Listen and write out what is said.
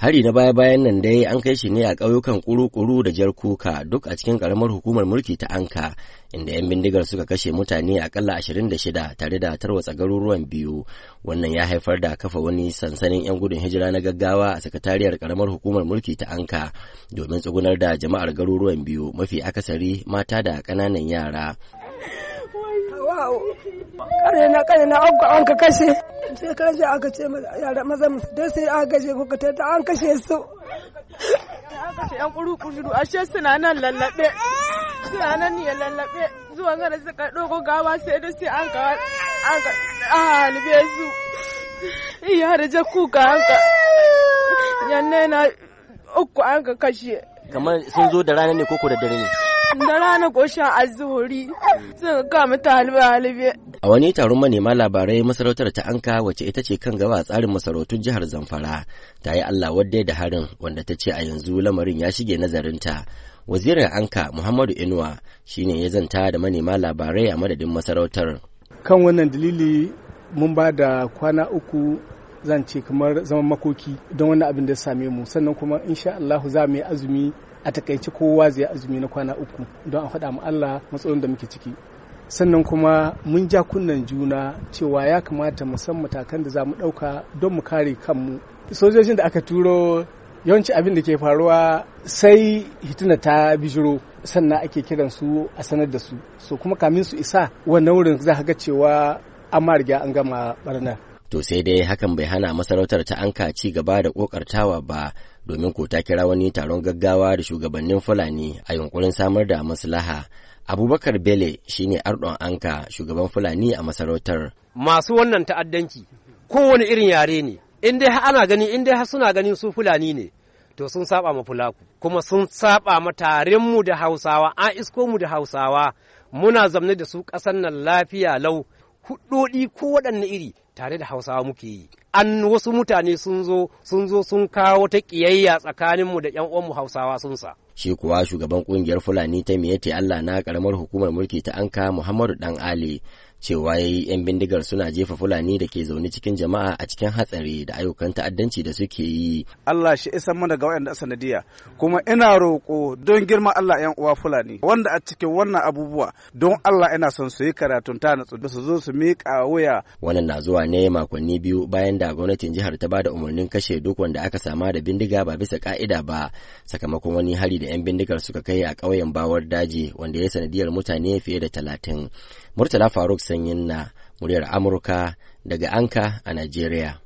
Hari na baya-bayan nan dai an kai shi ne a ƙauyukan kuru-kuru da jar kuka duk a cikin ƙaramar hukumar mulki ta Anka, inda 'yan bindigar suka kashe mutane akalla shida tare da tarwatsa garuruwan biyu. Wannan ya haifar da kafa wani sansanin 'yan gudun hijira na gaggawa a sakatariyar ƙaramar hukumar mulki ta Anka domin tsugunar da jama'ar garuruwan biyu mafi akasari mata da ƙananan yara. kare na kare na an ka kashe shekaran jiya aka ce yara maza don sai aka kashe ko ta an kashe su an kashe yan kuru kuru ashe suna nan lallabe suna nan ne lallabe zuwa gara suka dogo gawa sai da sai an ka an ka halibe su iya da jakuka an ka yanne na uku an ka kashe kamar sun zo da rana ne koko da dare ne da rana ko sha azuhuri sun kama ta halbe A wani taron manema labarai masarautar ta anka wacce ita ce kan gaba a tsarin masarautun jihar Zamfara ta yi Allah wadda da harin wanda ta ce a yanzu lamarin ya shige nazarinta. Wazirin anka Muhammadu Inuwa shine ya zanta da manema labarai a madadin masarautar. Kan wannan dalili mun ba da kwana uku zan ce kamar zaman makoki don wani abin da same mu sannan kuma insha Allah za mu yi azumi a takaici kowa zai azumi na kwana uku don a faɗa mu Allah matsayin da muke ciki sannan kuma mun ja kunnan juna cewa ya kamata mu san matakan da za mu ɗauka don mu kare kanmu sojojin da aka turo yawanci abin da ke faruwa sai hituna ta bijiro sannan ake kiran su a sanar da su so kuma kamin su isa wannan wurin za ka ga cewa an ma riga an gama barnar To sai dai hakan bai hana masarautar ta anka ci gaba da kokartawa ba domin ko ta kira wani taron gaggawa da shugabannin Fulani a yunkurin samar da maslaha. Abubakar Bele shine ardon anka shugaban Fulani a masarautar. Masu wannan ta'addanci kowane irin yare ne in dai ana gani in dai suna ganin su Fulani ne to sun saba ma Fulaku kuma sun saba ma tarin mu da Hausawa an isko mu da Hausawa muna zamne da su kasan nan lafiya lau Kuɗoɗi ko waɗanne iri tare da hausawa muke yi an wasu mutane sun zo sun zo sun kawo ta ƙiyayya tsakaninmu da ƴan uwanmu hausawa sun sa shi kuwa shugaban ƙungiyar fulani ta miyete allah na ƙaramar hukumar mulki ta anka muhammadu dan ali cewa ya yi 'yan bindigar suna jefa fulani da ke zaune cikin jama'a a cikin hatsari da ayyukan ta'addanci da suke yi. Allah shi isan mana ga waɗanda sanadiya kuma ina roƙo don girma Allah 'yan uwa fulani wanda a cikin wannan abubuwa don Allah ina son su yi karatun ta na su zo su miƙa wuya. Wannan na zuwa ne makonni biyu bayan da gwamnatin jihar ta bada umarnin kashe duk wanda aka sama da bindiga ba bisa ka'ida ba sakamakon wani hari da 'yan bindigar suka kai a ƙauyen Bawar Daji wanda ya sanadiyar mutane fiye da talatin. Murtala Faruk Sanyin na muryar Amurka daga Anka a Najeriya.